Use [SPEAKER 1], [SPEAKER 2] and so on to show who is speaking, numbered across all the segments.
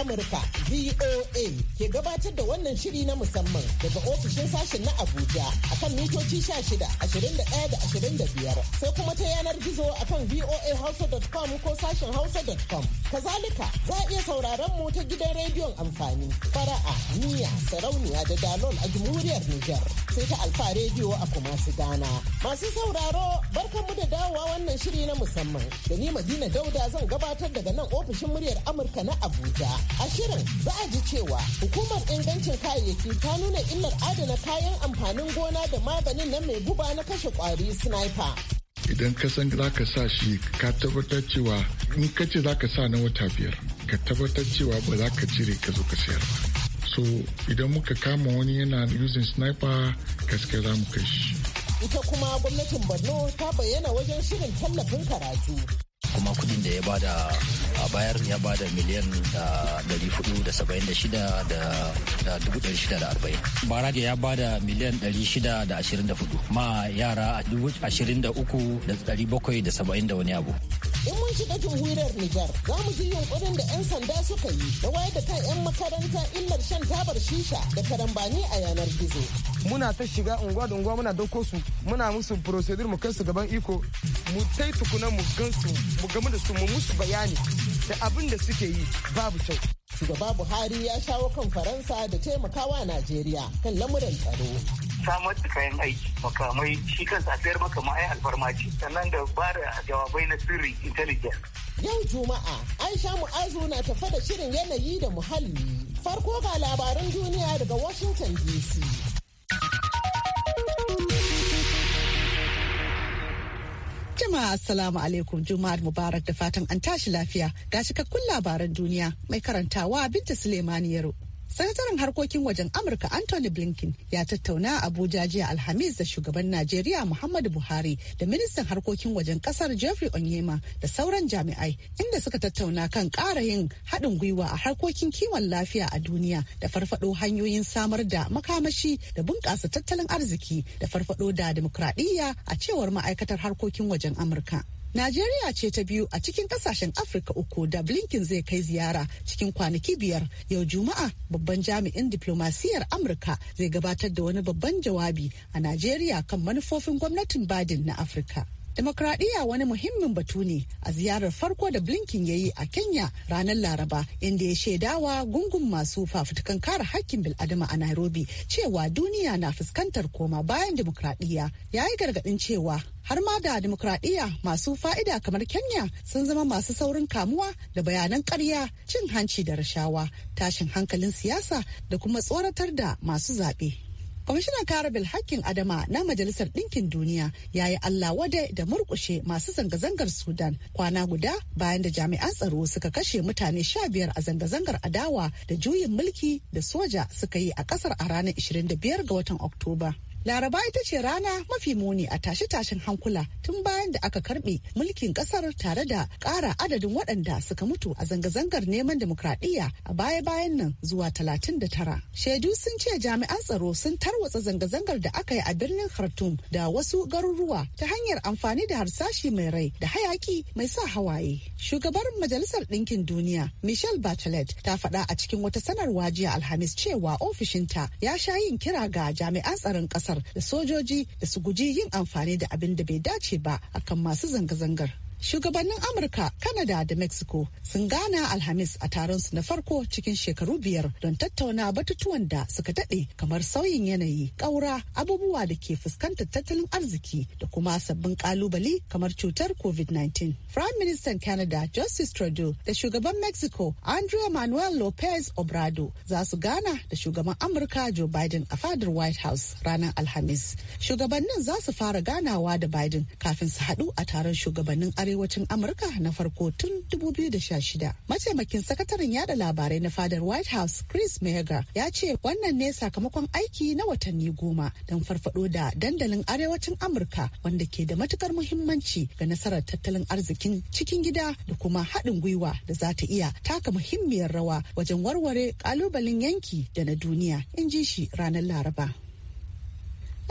[SPEAKER 1] Amurka VOA ke gabatar da wannan shiri na musamman daga ofishin sashen na Abuja akan mitoci 16, 21 da da biyar sai kuma ta yanar gizo akan voahausa.com ko sashen hausa.com. Kazalika za a iya sauraron mu ta gidan rediyon amfani fara'a niya sarauniya da dalol a jamhuriyar Nijar sai ta alfa rediyo a kuma su gana. Masu sauraro barkanmu da dawowa wannan shiri na musamman da ni Madina Dauda zan gabatar daga nan ofishin muryar Amurka na Abuja. A shirin za a ji cewa hukumar ingancin kayayyaki ta nuna illar adana kayan amfanin gona da maganin na mai guba na kashe kwari sniper.
[SPEAKER 2] Idan ka san za ka sa shi ka tabbatar cewa in ka ce za ka sa na wata biyar ka tabbatar cewa ba za ka cire ka zo ka sayar ba. So idan muka kama wani yana using sniper gaske za mu kai shi.
[SPEAKER 1] Ita kuma gwamnatin Borno ta bayyana wajen shirin tallafin karatu.
[SPEAKER 3] kuma kudin da ya bada a bayar ya bada miliyan dari hudu da saba'in da shida da dubu dari shida da arba'in barage ya bada miliyan dari shida da ashirin da hudu ma yara dubu ashirin da uku da dari bakwai da saba'in da wani abu
[SPEAKER 1] in mun shiga jamhuriyar Nijar
[SPEAKER 4] za mu ji yunkurin da 'yan sanda suka yi da wayar da kan 'yan makaranta illar shan tabar shisha da karambani a yanar gizo. Muna ta shiga unguwa da unguwa muna dauko su muna musu prosedur mu kai su gaban iko mu tai tukuna mu gansu mu gamu da su mu musu bayani da abin da suke yi babu kyau. Shugaba Buhari ya shawo kan Faransa da
[SPEAKER 1] taimakawa
[SPEAKER 5] Najeriya kan lamuran tsaro. samar da kayan aiki makamai shi kan safiyar maka ma'ai alfarma ce sannan da ba da jawabai na sirri intelligence. Yau Juma'a,
[SPEAKER 1] Aisha Mu'azu na tafa da shirin yanayi da muhalli. Farko ga labaran duniya
[SPEAKER 6] daga Washington DC. Jama'a Assalamu alaikum Juma'ar Mubarak da fatan an tashi lafiya ga cikakkun labaran duniya mai karantawa Binta Sulemaniyaro. Sakataren harkokin wajen Amurka Anthony Blinken ya tattauna Abuja jiya Alhamis da shugaban Najeriya Muhammadu Buhari da ministan harkokin wajen kasar Jeffrey Onyema da sauran jami'ai inda suka tattauna kan ƙara yin haɗin gwiwa a harkokin kiwon lafiya a duniya da farfaɗo hanyoyin samar da makamashi da bunƙasa tattalin arziki da farfaɗo da dimokuraɗiyya a cewar ma'aikatar harkokin wajen Amurka. Najeriya ce ta biyu a cikin kasashen Afirka uku da Blinken zai kai ziyara cikin kwanaki biyar. Yau Juma'a babban jami'in diplomasiyar Amurka zai gabatar da wani babban jawabi a Najeriya kan manufofin gwamnatin Badin na Afirka. Demokradiyya wani muhimmin batu ne a ziyarar farko da Blinken ya yi a Kenya ranar Laraba inda ya shaidawa gungun masu fafutukan kare hakkin bil'adama a Nairobi cewa duniya na fuskantar koma bayan demokradiyya ya yi gargaɗin cewa har ma da demokradiyya masu fa'ida kamar Kenya sun zama masu saurin kamuwa da bayanan karya cin hanci da rashawa tashin hankalin siyasa da kuma tsoratar da masu zaɓe. kwamishinan kare hakkin adama na majalisar ɗinkin duniya ya yi allah wadai da murkushe masu zanga-zangar sudan kwana guda bayan da jami'an tsaro suka kashe mutane sha biyar a zanga-zangar adawa da juyin mulki da soja suka yi a ƙasar a ranar 25 ga watan oktoba Laraba ita ce rana mafi muni a tashe-tashen hankula tun bayan da aka karbe mulkin kasar tare da kara adadin waɗanda suka mutu a zanga-zangar neman demokradiyya a baya-bayan nan zuwa 39. Shaidu sun ce jami'an tsaro sun tarwatsa zanga-zangar da aka yi a birnin Khartoum da wasu garuruwa ta hanyar amfani da harsashi mai rai da hayaki mai sa hawaye. Shugabar Majalisar Ɗinkin Duniya Michelle Bachelet ta faɗa a cikin wata sanarwa jiya Alhamis cewa ofishinta ya sha yin kira ga jami'an tsaron ƙasa kasar da sojoji da su guji yin amfani da abin da bai dace ba akan masu zanga-zangar Shugabannin Amurka, Kanada da Mexico sun gana Alhamis a taron su na farko cikin shekaru biyar don tattauna batutuwan da suka daɗe kamar sauyin yanayi, ƙaura, abubuwa da ke fuskantar tattalin arziki da kuma sabbin ƙalubale kamar cutar COVID-19. Prime Minister Canada Justice Trudeau da shugaban Mexico Andrea Manuel Lopez Obrado za su gana da shugaban Amurka Joe Biden a fadar White House ranar Alhamis. Shugabannin za su fara ganawa da Biden kafin su haɗu a taron shugabannin arewa arewacin Amurka na farko tun 2016. Mataimakin sakataren yada labarai na fadar White House Chris Mega ya ce wannan ne sakamakon aiki na watanni goma don farfado da dandalin arewacin Amurka wanda ke da matukar muhimmanci ga nasarar tattalin arzikin cikin gida da kuma haɗin gwiwa da za ta iya taka muhimmiyar rawa wajen warware ƙalubalen yanki da na duniya in ji shi ranar Laraba.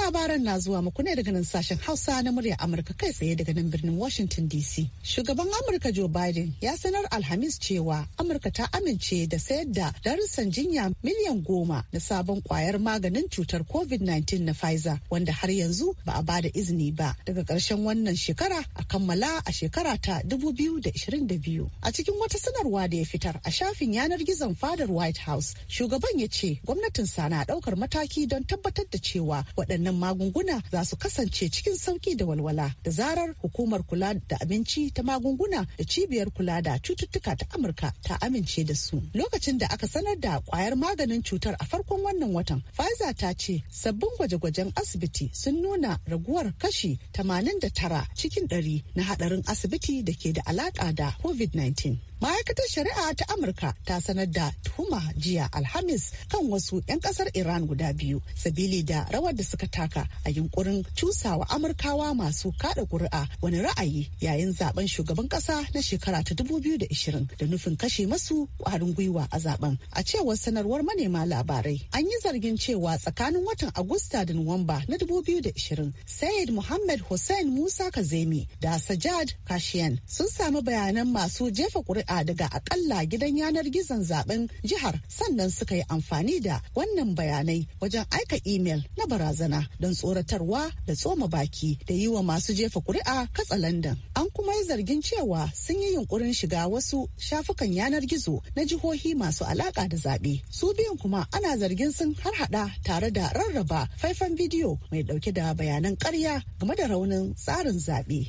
[SPEAKER 6] labaran na zuwa muku ne daga nan sashen hausa na murya amurka kai tsaye daga nan birnin washington dc shugaban amurka joe biden ya sanar alhamis cewa amurka ta amince da sayar da darussan jinya miliyan goma na sabon kwayar maganin cutar covid-19 na pfizer wanda har yanzu ba a bada izini ba daga karshen wannan shekara a kammala a shekara ta 2022 a cikin wata sanarwa da ya fitar a shafin yanar gizon fadar white house shugaban ya ce gwamnatin sana daukar mataki don tabbatar da cewa waɗannan waɗannan magunguna za su kasance cikin sauki da walwala da zarar hukumar kula da abinci ta magunguna da cibiyar kula da cututtuka ta Amurka ta amince da su. Lokacin da aka sanar da kwayar maganin cutar a farkon wannan watan, Pfizer ta ce sabbin gwaje-gwajen asibiti sun nuna raguwar kashi 89 cikin 100 na hadarin asibiti da ke da alaka da COVID-19. ma'aikatar shari'a ta amurka ta sanar da tuhuma jiya alhamis kan wasu 'yan kasar iran guda biyu sabili da rawar da suka taka a yunkurin cusawa amurkawa masu kada kuri'a wani ra'ayi yayin zaben shugaban kasa na shekara ta 2020 da nufin kashe masu kwarin gwiwa a zaben a cewar sanarwar manema labarai an yi zargin cewa tsakanin watan agusta da nuwamba na 2020 sayid muhammad hussein musa kazemi da sajad kashiyan sun sami bayanan masu jefa kuri'a shari'a daga akalla gidan yanar gizon zaben jihar sannan suka yi amfani da wannan bayanai wajen aika imel na barazana don tsoratarwa da tsoma baki da yi wa masu jefa kuri'a katsalandan an kuma yi zargin cewa sun yi yunkurin shiga wasu shafukan yanar gizo na jihohi masu alaka da zaɓe su biyun kuma ana zargin sun harhaɗa tare da rarraba faifan bidiyo mai ɗauke da bayanan ƙarya game da raunin tsarin zaɓe.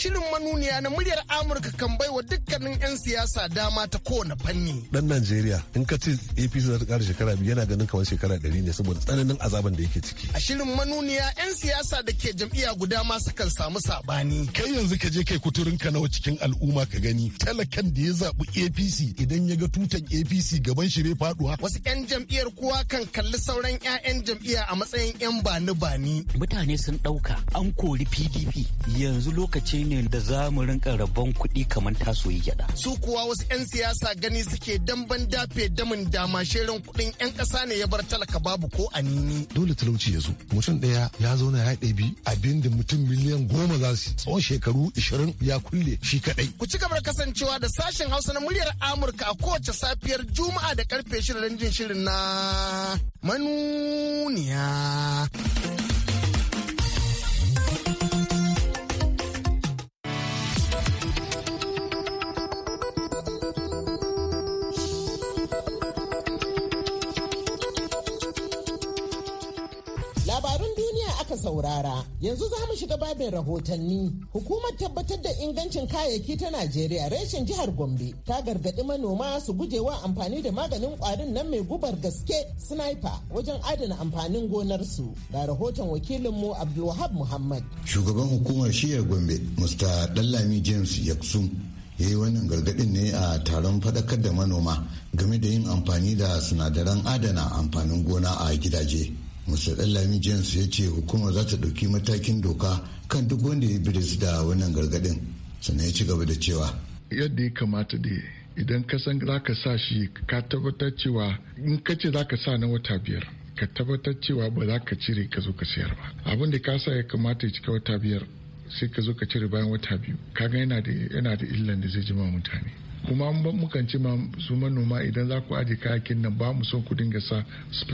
[SPEAKER 6] Shirin manuniya na
[SPEAKER 4] muryar Amurka kan bai wa dukkanin 'yan siyasa dama ta kowane fanni.
[SPEAKER 7] Dan Najeriya in ka ci APC za ta shekara biyu yana ganin kamar shekara ɗari ne saboda tsananin azaban da yake ciki.
[SPEAKER 4] A shirin manuniya 'yan siyasa da ke jam'iyya guda ma sukan samu sabani. Kai yanzu ka je kai ka nawa cikin al'umma ka gani talakan da ya zabi APC idan ya ga tutan APC gaban shi bai faɗuwa. Wasu 'yan jam'iyyar kuwa kan kalli sauran 'ya'yan jam'iyya a matsayin 'yan bani-bani.
[SPEAKER 7] Mutane sun ɗauka an kori PDP yanzu lokacin ne da za mu rinka rabon kuɗi kamar yi gyaɗa.
[SPEAKER 4] Su kuwa wasu 'yan siyasa gani suke damban dafe damin dama shirin kuɗin 'yan ƙasa ne ya bar talaka babu ko a nini. Dole talauci ya zo. Mutum ɗaya ya zo na ya ɗabi abin da mutum miliyan goma za su tsawon shekaru ishirin ya kulle shi kaɗai. Ku ci gaba da kasancewa da sashen Hausa na muryar Amurka a kowace safiyar Juma'a da karfe shirin jin shirin na manuniya.
[SPEAKER 1] saurara. Yanzu za mu shiga babin rahotanni. Hukumar tabbatar da ingancin kayayyaki ta Najeriya reshen jihar Gombe ta gargaɗi manoma su guje wa amfani da maganin ƙwarin nan mai gubar gaske sniper wajen adana amfanin gonarsu. Ga rahoton wakilinmu Abdulwahab Muhammad.
[SPEAKER 8] Shugaban hukumar shiyar Gombe, Mr. Dallami James Yaksum, ya yi wannan gargaɗin ne a taron faɗakar da manoma game da yin amfani da sinadaran adana amfanin gona a gidaje mr lami james ya ce
[SPEAKER 2] hukumar za ta ɗauki matakin doka kan duk wanda ya biris da wannan gargaɗin sannan ya ci gaba da cewa yadda ya kamata da idan ka san za ka sa shi ka tabbatar cewa in ka ce za ka sa na wata biyar ka tabbatar cewa ba za ka cire ka zo ka sayar ba abin da ka sa ya kamata ya cika wata biyar sai ka zo ka cire bayan wata biyu ka ga yana da illan da zai jima mutane kuma mukan ce ma su manoma idan za ku aje kayakin nan ba mu son ku dinga sa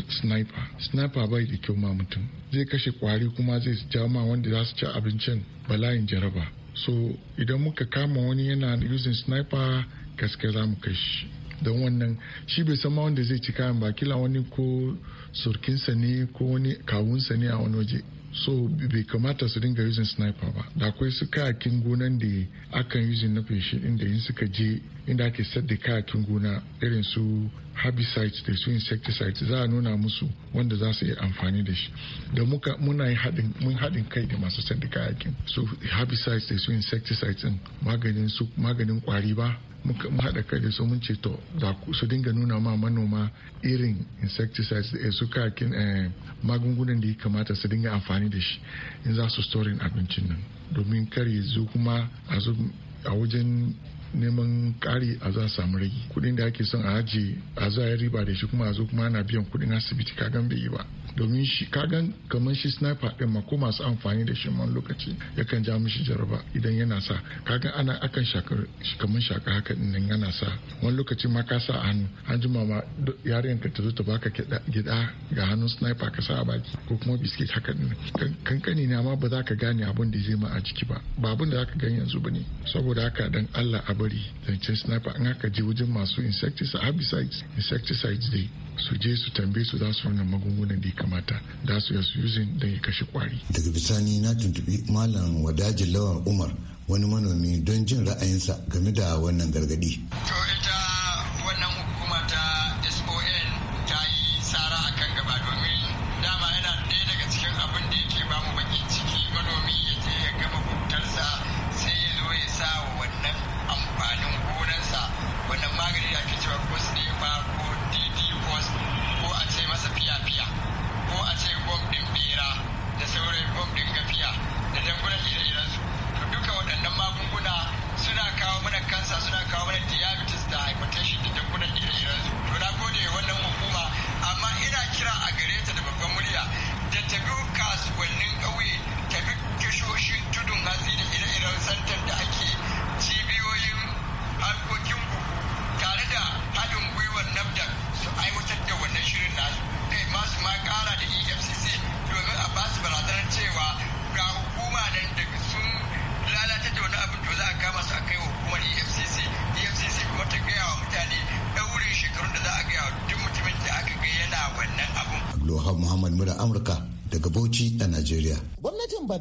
[SPEAKER 2] sniper sniper bai da kyau ma mutum zai kashe kwari kuma zai ja ma wanda za su ci abincin bala'in jaraba so idan muka kama wani yana using sniper gaske za mu kashi don wannan shi bai san ma wanda zai ci kayan ba kila wani ko surkinsa ne ko wani kawunsa ne a wani waje so bai kamata su dinga using sniper ba da akwai su kayakin gonan da akan using na feshi inda in suka je inda ake sadda kayakin gona irin su herbicides da su insecticides za a nuna musu wanda za su yi amfani da shi da muka muna haɗin mun haɗin kai da masu sanda kayakin su herbicides da su insecticides din maganin su maganin kwari ba muka haɗa kai da su mun ce to su dinga nuna ma manoma irin insecticides da eh, su kayakin eh, magungunan da ya kamata su dinga amfani da shi in za su storin abincin nan domin kar ya zo kuma a zo a wajen neman ƙari a za a samu rage kuɗin da ake son a ajiye a za a yi riba da shi kuma a zo kuma ana biyan kuɗin asibiti kagan bai yi ba domin shi kagan kamar shi sniper din ma ko masu amfani da shi man lokaci yakan ja mishi jaraba idan yana sa kagan ana akan shakar kamar shaka haka din yana sa wani lokaci ma ka sa a hannu an ji ma yaren ka ta zo ta baka gida ga hannun sniper ka sa a baki ko kuma biskit haka din kankani na ma ba za ka gane abin da zai ma a ciki ba ba abin da za ka gani yanzu ba ne saboda haka dan Allah a bari zancen sniper in aka je wajen masu insecticides herbicides insecticides dai su je su tambe su za su nuna magungunan da ya kamata da su yasu using don ya kashe kwari. Daga bisani na tuntubi Malam Wadajin Lawan Umar wani manomi don jin
[SPEAKER 8] ra'ayinsa game da wannan gargadi. To ita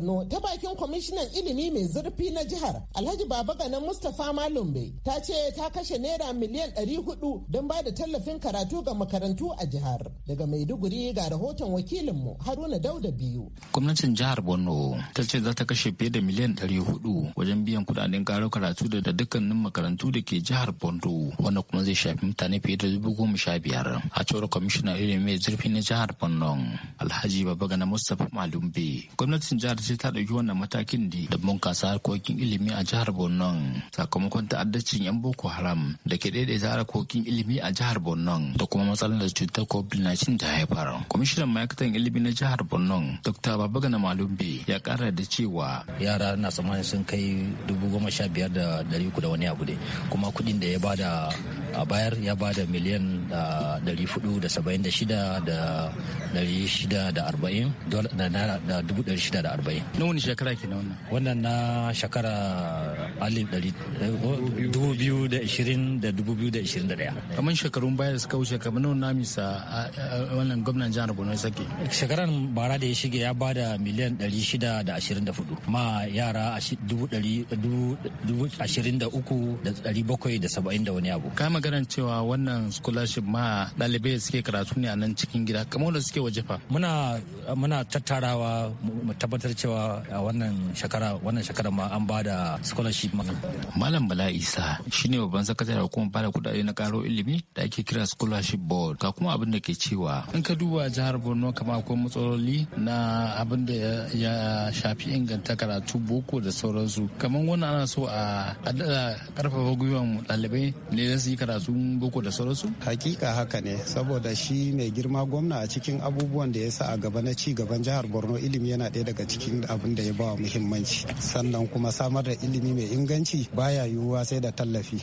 [SPEAKER 1] no kwamishinan ilimi mai zurfi na jihar alhaji baba mustapha malumbe ta ce ta kashe naira miliyan 400 don ba da tallafin karatu ga makarantu a jihar daga maiduguri ga rahoton wakilinmu haruna dauda biyu
[SPEAKER 9] gwamnatin jihar borno ta ce za ta kashe fiye da miliyan 400 wajen biyan kudaden karo karatu da dukkanin makarantu da ke jihar borno wanda kuma zai shafi mutane fiye da dubu goma sha biyar a cewar kwamishinan ilimi mai zurfi na jihar borno alhaji baba mustapha malumbe gwamnatin jihar ce ta ɗauki wannan mataki matakin di da bunkasa harkokin ilimi a jihar Borno sakamakon ta'addacin 'yan Boko Haram da ke daidaita harkokin ilimi a jihar Borno da kuma matsalar cutar COVID-19 ta haifar. Kwamishinan ma'aikatan ilimi na jihar Borno Dr. Babagana
[SPEAKER 3] Malumbe ya kara da cewa yara na tsammanin sun kai dubu goma sha biyar da dari uku da wani abu ne kuma kuɗin da ya bada a bayar ya bada miliyan dari ah, hudu da saba'in da shida da dari shida da arba'in da dubu dari shida da arba'in. shekara kenan wannan wannan na shekara alif dubu biyu da ishirin da dubu biyu da ishirin da ɗaya kamar shekarun baya da suka wuce kamar nuna na misa wannan gwamnan jihar borno sake shekarar bara da ya shige ya ba da miliyan ɗari shida da ashirin da hudu ma yara dubu ɗari dubu ashirin da uku da dari bakwai da saba'in da wani abu
[SPEAKER 9] ka magana cewa wannan scholarship ma da suke karatu ne a nan cikin gida kamar wanda suke waje fa
[SPEAKER 3] muna tattarawa mu tabbatar cewa a wannan shekara wannan shekara ma an ba da scholarship malam bala isa
[SPEAKER 9] shine babban sakatare hukumar bada kudade na karo ilimi da ake kira scholarship board ka kuma abin da ke cewa in ka duba jihar borno kamar akwai matsaloli na abin da ya shafi inganta karatu boko da sauransu kamar wannan ana so a daɗa karfafa gwiwan ɗalibai ne da su yi karatu boko da sauransu hakika haka ne saboda shi mai girma gwamna a cikin abubuwan da ya sa a gaba na ci gaban jihar borno ilimi yana ɗaya daga cikin abin da ya ba wa muhimmanci sannan kuma samar da ilimi mai inganci baya yiwuwa sai da tallafi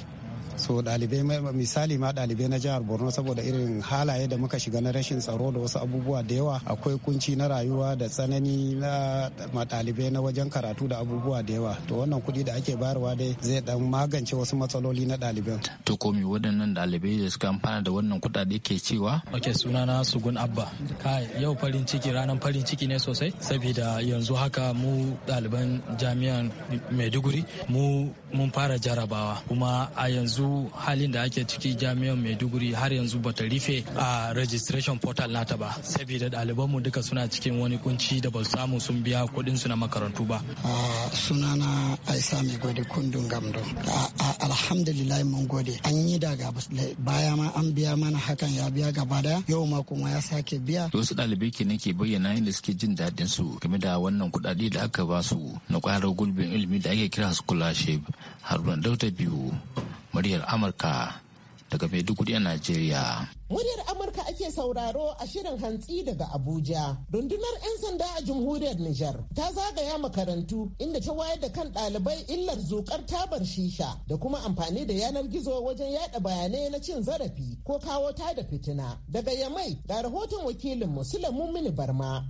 [SPEAKER 9] so dalibai misali ma dalibai na jihar borno saboda irin halaye da muka shiga na rashin tsaro da wasu abubuwa da yawa akwai kunci na rayuwa da tsanani na dalibai na wajen karatu da abubuwa da yawa to wannan kuɗi da ake bayarwa dai zai dan magance wasu matsaloli na ɗaliban. to ko waɗannan ɗalibai da suka amfana da wannan kuɗaɗe ke cewa. ok sunana sugun abba kai yau farin ciki ranar farin ciki ne sosai saboda yanzu haka mu ɗaliban jami'an maiduguri mu mun fara jarabawa kuma a yanzu yanzu halin da ake ciki jami'an maiduguri har yanzu bata rufe a registration portal nata ba saboda ɗalibanmu duka suna cikin wani kunci da ba su samu sun biya kuɗin su na makarantu ba
[SPEAKER 1] sunana aisa mai gode kundin gamdo alhamdulillah mun gode an yi daga baya ma an biya mana hakan ya biya gaba daya yau ma kuma ya sake biya
[SPEAKER 9] wasu ɗalibai ke nake bayyana inda suke jin daɗin su game da wannan kuɗaɗe da aka ba su na ƙwarar gulbin ilimi da ake kira scholarship Haruna dauta biyu muryar amurka daga maiduguri a najeriya
[SPEAKER 1] muryar ake sauraro a shirin hantsi daga Abuja. Rundunar 'yan sanda a jamhuriyar Nijar ta zagaya makarantu inda ta wayar da kan ɗalibai illar zukar tabar shisha da kuma amfani da yanar gizo wajen yada bayanai na cin zarafi ko kawo ta da fitina. Daga Yamai ga rahoton wakilin Musulun Mini Barma.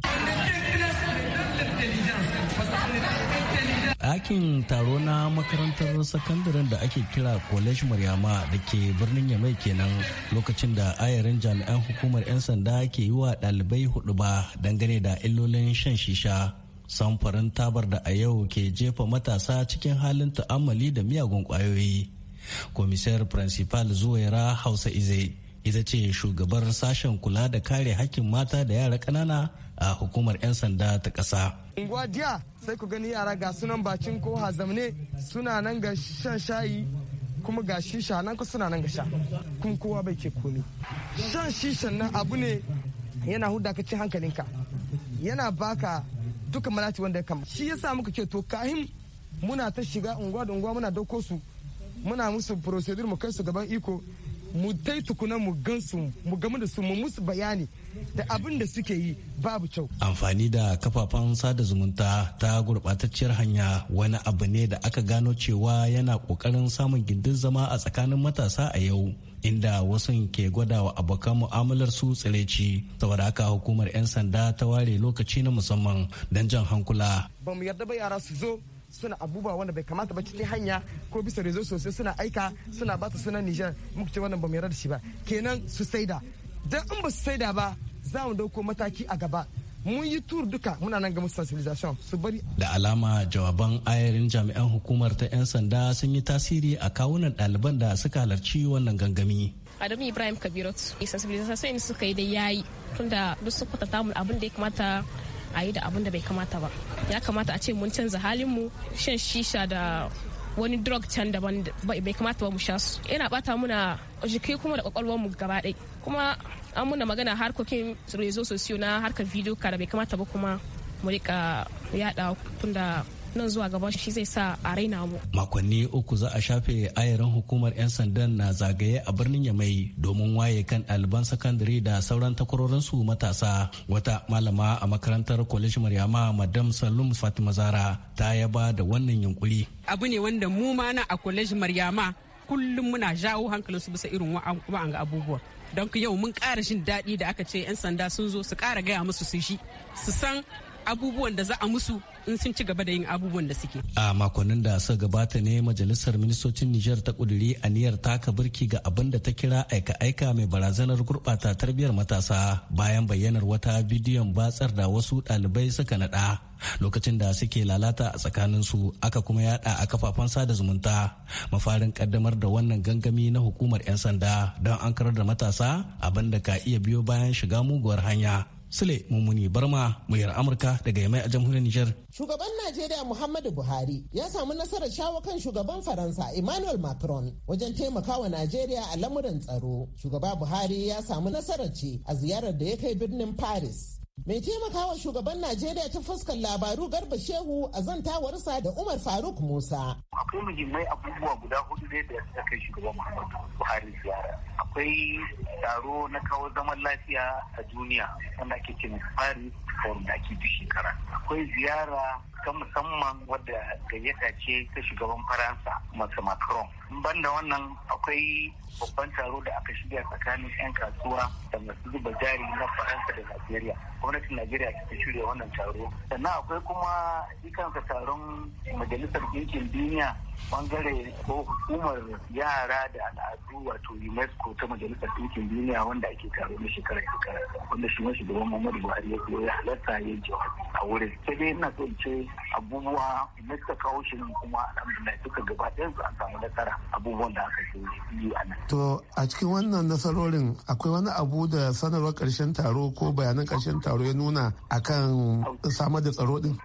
[SPEAKER 7] Ɗakin taro na makarantar sakandaren da ake kira College Maryama da ke birnin Yamai kenan lokacin da ayarin jami'an hukumar 'yan sanda ke yi wa ɗalibai hudu ba dangane da illolin shan shisha samfarin tabar da a yau ke jefa matasa cikin halin ta'amali da miyagun kwayoyi komisar principal zuwaira hausa ize ita ce shugabar sashen kula da kare hakkin mata da yara ƙanana a hukumar 'yan sanda ta ƙasa.
[SPEAKER 4] unguwa jiya sai ku gani yara ga sunan bacin ko hazamne suna nan ga shan shayi kuma ga shisha nan ku suna nan ga sha kuma kowa bai ke komi shan shishan nan abu ne yana huda ka cin hankalinka yana baka duka malati wanda ya kama shi yasa muka ke to kahim muna ta shiga unguwa da unguwa muna dauko su muna musu procedure mu kai su gaban iko mu tai tukuna mu mu gamu da su mu musu bayani da abin da suke yi babu kyau.
[SPEAKER 7] Amfani da kafafen sada zumunta ta gurbatacciyar hanya wani abu ne da aka gano cewa yana kokarin samun gindin zama a tsakanin matasa a yau. inda wasu ke gwadawa wa abokan mu'amalar su tsireci saboda haka hukumar 'yan sanda ta ware lokaci na musamman don jan hankula
[SPEAKER 4] ba mu yarda ba yara su zo suna abubuwa wanda bai kamata ba cikin hanya ko bisa rezo sosai suna aika suna su sunan Nijar muku ce wannan ba mu yarda da shi ba kenan su saida don in ba su saida ba za mu dauko mataki a gaba mun yi tur duka muna nan ga sensibilisation su bari
[SPEAKER 7] da alama jawaban ayarin jami'an hukumar ta 'yan sanda sun yi tasiri a kawunan ɗaliban da suka halarci wannan gangami
[SPEAKER 10] adamu ibrahim kabiratu sensibilisation suka yi da yayi tunda duk su kwatanta mu abin da ya kamata a yi da abin da bai kamata ba ya kamata a ce mun canza halin mu shan shisha da wani drug can daban bai kamata ba mu sha su yana bata muna jiki kuma da kwakwalwar mu gaba ɗaya kuma an muna magana harkokin rezo sosiyo na harkar video kara bai kamata ba kuma mu rika yada tunda nan zuwa gaba shi zai sa a raina mu.
[SPEAKER 7] Makonni uku za a shafe ayarin hukumar 'yan sandan na zagaye a birnin Yamai domin waye kan ɗaliban sakandare da sauran takwarorinsu matasa. Wata malama a makarantar Kwalish Maryama Madam Salum Fatima Zara ta yaba da wannan yunkuri.
[SPEAKER 1] Abu ne wanda mu ma a Kwalish Maryama kullum muna jawo hankalinsu bisa irin wa'an abubuwa. Don yau mun ƙara jin daɗi da aka ce 'yan sanda sun zo su ƙara gaya musu su shi su san abubuwan da za a musu in sun ci gaba da yin abubuwan da suke.
[SPEAKER 7] A makonnin da suka gabata ne majalisar ministocin Nijar ta a aniyar taka birki ga abin da ta kira aika-aika mai barazanar gurɓata tarbiyyar matasa bayan bayyanar wata bidiyon batsar da wasu ɗalibai suka naɗa lokacin da suke lalata a tsakanin su aka kuma yada a kafafen sada zumunta mafarin kaddamar da wannan gangami na hukumar 'yan sanda don an karar da matasa abin da ka iya biyo bayan shiga muguwar hanya Sule Mummuni Barma muyar Amurka daga Yamai a jamhuriyar Nijar.
[SPEAKER 1] Shugaban Najeriya Muhammadu Buhari ya samu nasarar shawo kan shugaban Faransa Emmanuel Macron wajen taimakawa Najeriya a lamuran tsaro. Shugaba Buhari ya samu nasarar ce a ziyarar da ya kai birnin Paris. Mai taimakawa shugaban Najeriya ta fuskar labaru Garba Shehu a zantawarsa da Umar Faruk Musa.
[SPEAKER 5] Akwai muhimmai abubuwa guda hudu ne da suka kai shugaban Muhammadu Buhari ziyara. Akwai taro na kawo zaman lafiya a duniya wanda ake cin Paris wanda ake bi shekara. Akwai ziyara ta musamman wadda gayyata ce ta shugaban faransa masu macron banda wannan akwai babban taro da aka shirya tsakanin 'yan kasuwa da masu zuba jari na faransa da najeriya gwamnatin najeriya ta shirya wannan taro sannan akwai kuma ikansa taron majalisar ɗinkin duniya bangare ko hukumar yara da al'adu wato unesco ta majalisar ɗinkin duniya wanda ake taro na shekara shekara wanda shi wani shugaban buhari ya zo ya halatta ya jawabi a wurin sai dai ina so ce abubuwa na kawo shi nan kuma alhamdulillah duka gaba ɗayan su an samu nasara abubuwan da aka yi a nan.
[SPEAKER 4] to a cikin wannan nasarorin akwai wani abu
[SPEAKER 5] da sanarwar ƙarshen taro ko bayanan ƙarshen taro ya nuna akan samar da tsaro din.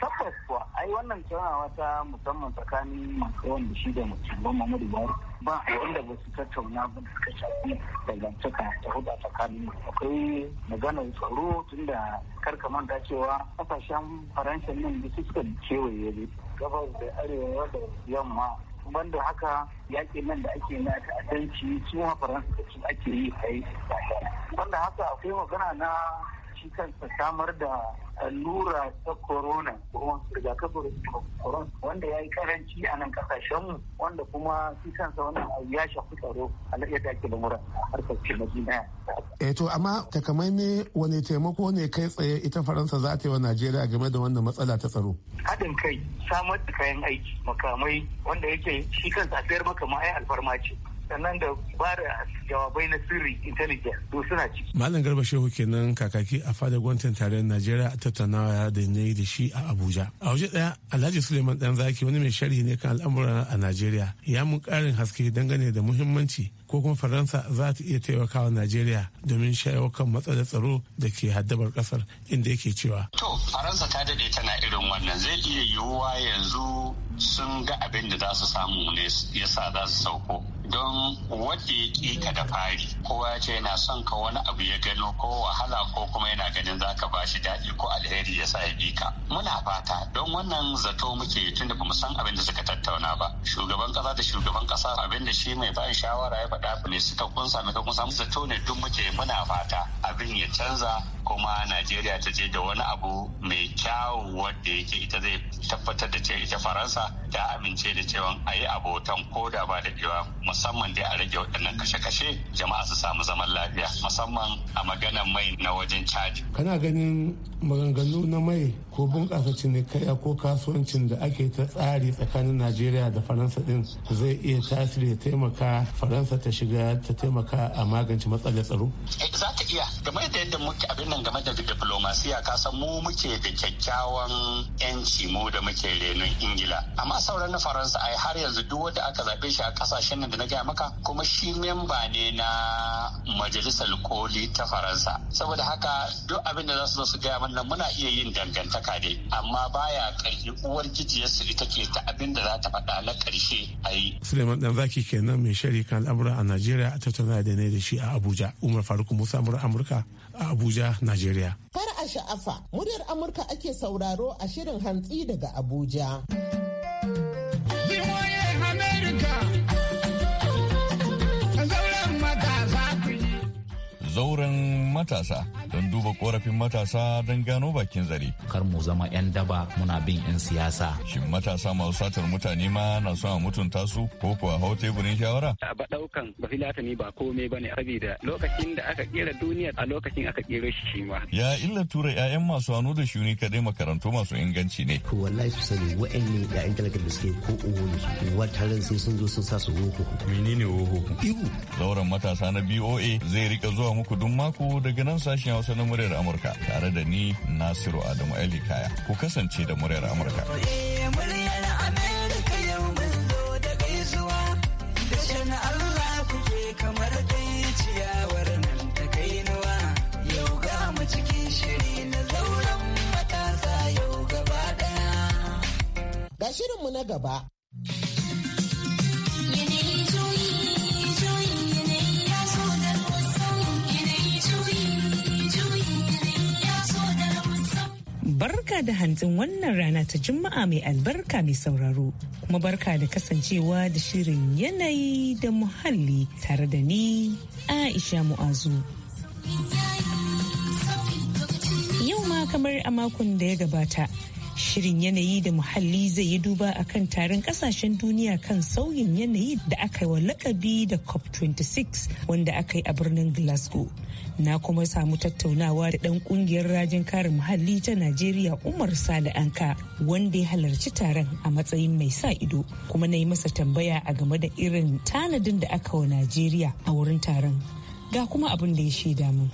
[SPEAKER 5] tabbas kuwa ai wannan tattaunawa ta musamman tsakanin makawan da shi da shugaban Muhammadu ba wanda ba su tattauna ba da suka shafi dangantaka ta hudu a tsakanin akwai maganar tsaro tun da karka manta cewa kasashen faransa nan da suka kewaye gabas da arewa da yamma banda haka yakin nan da ake na ta'addanci su ma faransa da su ake yi kai banda haka akwai magana na shi kansa samar da allura ta corona rigakafin corona wanda ya yi karanci a nan kasashenmu wanda kuma shi kansa wannan abu ya shafi tsaro a na yadda ake lamura harkar taimaki na eh to amma takamaimai wani taimako ne kai tsaye ita faransa za ta yi wa najeriya game da wannan matsala ta tsaro haɗin kai samar da kayan aiki makamai wanda yake shi kansa sayar maka ma'ai alfarma ce sannan da ba da jawabai na sirri intelligence to suna ci. Malam Garba Shehu kenan kakaki a fadar gwamnatin tarayyar Najeriya a tattaunawa da nayi da shi a Abuja. A waje ɗaya Alhaji Suleiman zaki wani mai sharhi ne kan al'amura a Najeriya ya mun ƙarin haske dangane da muhimmanci ko kuma Faransa za ta iya taimakawa Najeriya domin shayarwa kan matsalar tsaro da ke haddabar ƙasar inda yake cewa.
[SPEAKER 11] To Faransa ta dade tana irin wannan zai iya yiwuwa yanzu sun ga abin da za su samu ne yasa za su sauko. don wanda ya ki ka da fari kowa ce yana son ka wani abu ya gano ko wahala ko kuma yana ganin za ka bashi daɗi ko alheri ya sa ya bi ka muna fata don wannan zato muke tunda bamu san abin da suka tattauna ba shugaban kasa da shugaban kasa abin da shi mai bayan shawara ya faɗa ne suka kunsa muka kunsa zato ne duk muke muna fata abin ya canza kuma najeriya ta je da wani abu mai kyawu wanda yake ita zai tabbatar da cewa ita faransa ta amince da cewa ayi abotan koda ba da cewa musamman dai a rage waɗannan kashe-kashe jama'a su samu zaman lafiya musamman a maganan mai na wajen caji.
[SPEAKER 5] Kana ganin maganganu na mai ko bunƙasa cinikayya ko kasuwancin da ake ta tsari tsakanin najeriya da faransa din zai iya tasiri ya taimaka faransa ta shiga ta taimaka a magance matsalar tsaro eh, za ta iya game da yadda muke abin nan game da
[SPEAKER 11] diplomasiya ka san mu muke da kyakkyawan yanci mu da muke renon ingila amma sauran na faransa ai har yanzu duk wanda aka zaɓe shi a kasashen nan da na gaya maka kuma shi memba ne na majalisar koli ta faransa saboda haka duk abin da za su zo su gaya mana muna iya yin dangantaka haka ne amma baya karfi uwar gijiyarsu ita ke ta abin da za ta faɗa na ƙarshe a yi.
[SPEAKER 5] Suleiman zaki kenan mai shari kan al'amura a Najeriya a tattauna da ne da shi a Abuja. Umar Faruk Musa Amurka a Abuja, Najeriya.
[SPEAKER 1] Kar a sha'afa, muryar Amurka ake sauraro a shirin hantsi daga Abuja.
[SPEAKER 11] zauren matasa don duba korafin matasa don gano bakin zare. Kar mu zama 'yan daba muna bin 'yan siyasa. Shin matasa masu satar mutane ma na son a mutunta su ko kuwa hau teburin shawara? A ba
[SPEAKER 9] daukan ba filatani ba komai ba ne saboda lokacin da aka kera duniya a lokacin aka kera shi shi ma. Ya
[SPEAKER 11] illa tura 'ya'yan masu hannu da shuni kadai makarantu masu inganci ne. Ko wallahi su sani wa'annan 'ya'yan talaka da suke ko uwanu su wataran sai sun zo sun sa su woho. Menene woho? Ihu. Zauren matasa na BOA zai rika zuwa muku duk duk mako daga nan sashen Hausa na muryar Amurka tare da ni Nasiru Adamu Ali Kaya. Ku kasance da muryar Amurka.
[SPEAKER 5] kamar mu
[SPEAKER 1] shirinmu na gaba.
[SPEAKER 10] Barka da hantsin wannan rana ta Juma'a mai albarka mai sauraro, kuma barka da kasancewa da shirin yanayi da muhalli tare da ni Aisha Mu'azu. Yau ma kamar a makon da ya gabata, shirin yanayi da muhalli zai yi duba a kan taron kasashen duniya kan sauyin yanayi da aka yi wa lakabi da COP26 wanda aka yi a birnin Glasgow. na kuma samu tattaunawa da ɗan ƙungiyar rajin kare muhalli ta najeriya umar sale anka wanda ya halarci taron a matsayin mai sa ido kuma na yi masa tambaya a game da irin tanadin da aka wa najeriya a wurin taron ga kuma abin da ya shaida mun.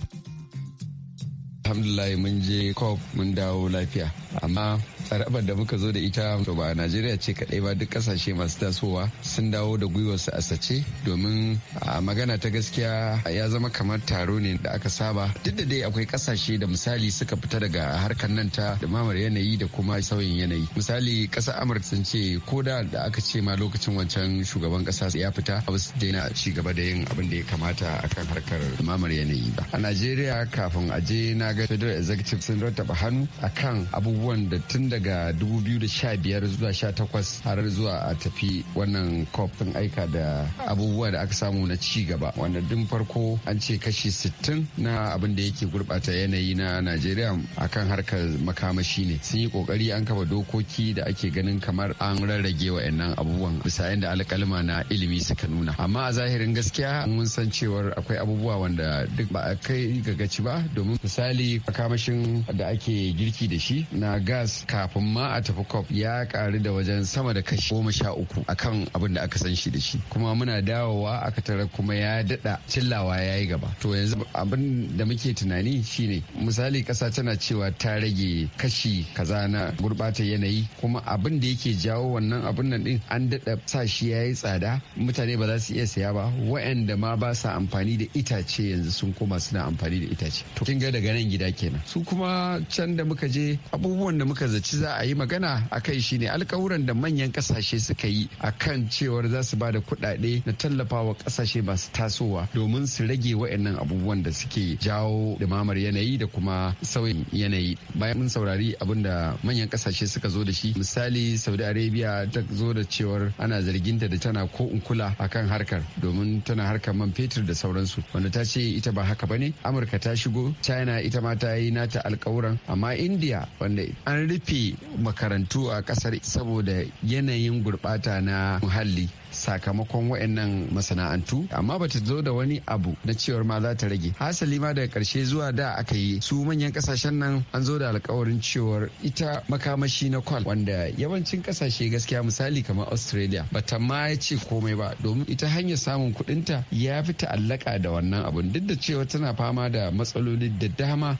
[SPEAKER 12] alhamdulillah mun je cop mun dawo lafiya amma tsarabar da muka zo da ita to ba najeriya ce kadai ba duk kasashe masu tasowa sun dawo da gwiwar su a sace domin a magana ta gaskiya ya zama kamar taro ne da aka saba duk da dai akwai kasashe da misali suka fita daga harkar nan ta dumamar yanayi da kuma sauyin yanayi misali kasa amurka sun ce ko da da aka ce ma lokacin wancan shugaban kasa ya fita ba su daina ci gaba da yin abin da ya kamata akan harkar dumamar yanayi ba a najeriya kafin a je na ga federal executive sun rattaba hannu akan abubuwan da tun daga 2015 zuwa 18 har zuwa a tafi wannan cop din aika da abubuwa da aka samu na ci gaba wanda dun farko an ce kashi 60 na abin da yake gurbata yanayi na najeriya akan harkar makamashi ne sun yi kokari an kafa dokoki da ake ganin kamar an rarrage wa'annan abubuwan bisa yadda alkalma na ilimi suka nuna amma a zahirin gaskiya mun san cewar akwai abubuwa wanda duk ba a kai gagaci ba domin misali misali makamashin da ake girki da shi na gas kafin ma a tafi kwaf ya karu da wajen sama da kashi goma sha uku akan abin da aka san shi da shi kuma muna dawowa aka tara kuma ya daɗa cillawa ya yi gaba to yanzu abin da muke tunani shine misali ƙasa tana cewa ta rage kashi kaza na gurɓatar yanayi kuma abin da yake jawo wannan abin nan din an daɗa sa shi ya yi tsada mutane ba za su iya saya ba wa'anda ma ba sa amfani da itace yanzu sun koma suna amfani da itace to kin ga daga nan gida kenan su kuma can da muka je abubuwan da muka zaci za a yi magana a kai shi ne alkawuran da manyan kasashe suka yi a kan cewar za su ba da kuɗaɗe na tallafawa kasashe masu tasowa domin su rage wa'annan abubuwan da suke jawo dumamar yanayi da kuma sauyin yanayi bayan mun saurari abin da manyan kasashe suka zo da shi misali saudi arabia ta zo da cewar ana zarginta da tana ko in kula akan harkar domin tana harkar man fetur da sauransu wanda ta ce ita ba haka bane amurka ta shigo china ita ma ta yi nata alkawuran amma india wanda an rufe makarantu a kasar saboda yanayin gurbata na muhalli sakamakon waɗannan masana'antu amma bata zo da wani abu na cewar ma za ta rage hasali ma daga karshe zuwa da aka yi su manyan kasashen nan an zo da alkawarin cewar ita makamashi na kwal wanda yawancin kasashe gaskiya misali kamar australia bata ma ya ce komai ba domin ita hanyar samun kudinta ya fi ta'allaka da wannan abun duk da cewa tana fama da matsaloli da dama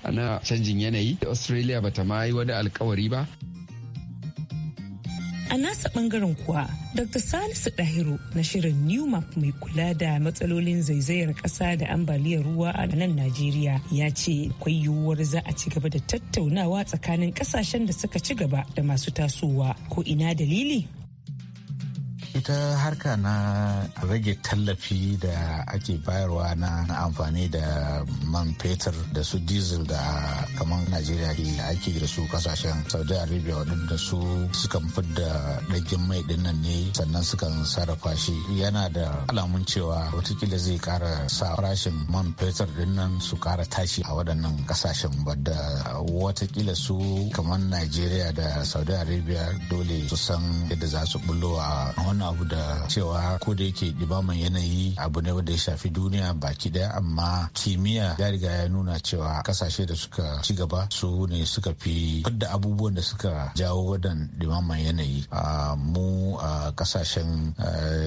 [SPEAKER 12] canjin yanayi da australia bata ma yi wani alkawari ba
[SPEAKER 10] a nasa bangaren kuwa dr salisu dahiru na shirin new map mai kula da matsalolin zaizayar kasa da ambaliyar ruwa a nan najeriya ya ce akwai yiwuwar za a ci gaba da tattaunawa tsakanin kasashen da suka ci gaba da masu tasowa ko ina dalili
[SPEAKER 8] ita harka na rage tallafi da ake bayarwa na amfani da man fetur da su diesel da kamar najeriya da ake da su kasashen saudi arabia waɗanda su fi da ɗagin mai dinnan ne sannan sukan sarrafa shi yana da alamun cewa watakila zai kara sa farashin man fetur dinnan su kara tashi a waɗannan kasashen ba, da watakila su kamar najeriya da saudi arabia dole su san yadda za su bullo a wannan wani abu da cewa ko da yake ɗimaman yanayi abu ne wanda ya shafi duniya baki ɗaya amma kimiyya ya riga ya nuna cewa kasashe da suka ci gaba su ne suka fi fidda abubuwan da suka jawo wadan ɗimaman yanayi mu a kasashen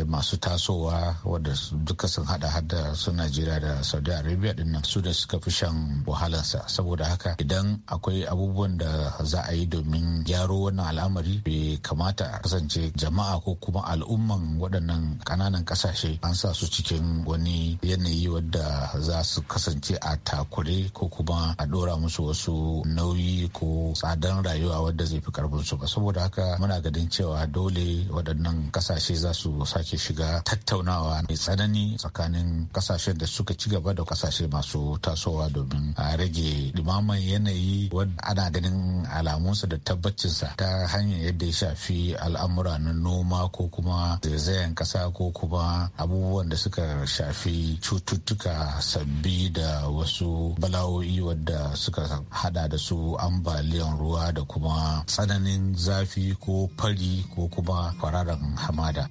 [SPEAKER 8] masu tasowa wadda duka sun hada hada su najeriya da saudi arabia dinnan su da suka fi shan sa saboda haka idan akwai abubuwan da za a yi domin gyaro wannan al'amari bai kamata a kasance jama'a ko kuma al'umma al'umman waɗannan ƙananan ƙasashe an sa su cikin wani yanayi wadda za su kasance a takure ko kuma a ɗora musu wasu nauyi ko tsadan rayuwa wadda zai fi karfin su ba saboda haka muna ganin cewa dole waɗannan ƙasashe za su sake shiga tattaunawa mai tsanani tsakanin ƙasashen da suka ci gaba da ƙasashe masu tasowa domin a rage limaman yanayi wadda ana ganin alamunsa da tabbacinsa ta hanyar yadda ya shafi al'amura na noma ko kuma kuma zirzayen kasa ko kuma abubuwan da suka shafi cututtuka sabbi da wasu bala'o'i wadda suka hada da su ambaliyan ruwa da kuma tsananin zafi ko fari ko kuma kwararan hamada.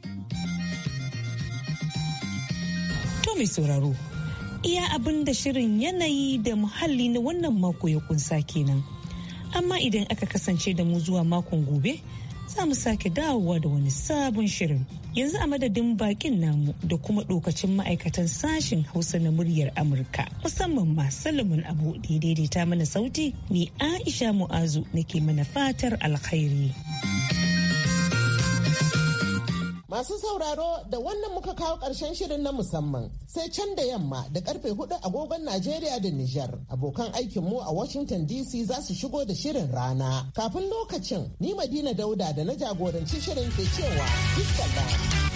[SPEAKER 10] To mai sauraro, iya abin da shirin yanayi da muhalli na wannan mako ya kunsa kenan. Amma idan aka kasance da mu zuwa makon gobe, za mu sake dawowa da wani sabon shirin. Yanzu a madadin bakin namu da kuma ɗokacin ma'aikatan sashen Hausa na muryar Amurka, musamman ma Salamun Abu da daidaita mana sauti, ni Aisha Mu'azu nake mana fatar alkhairi.
[SPEAKER 1] Masu sauraro da wannan muka kawo ƙarshen shirin na musamman sai can da yamma da karfe hudu agogon Najeriya da Nijar. Abokan aikin mu a Washington DC za su shigo da shirin rana. Kafin lokacin, ni Madina Dauda da na jagoranci shirin ke cewa,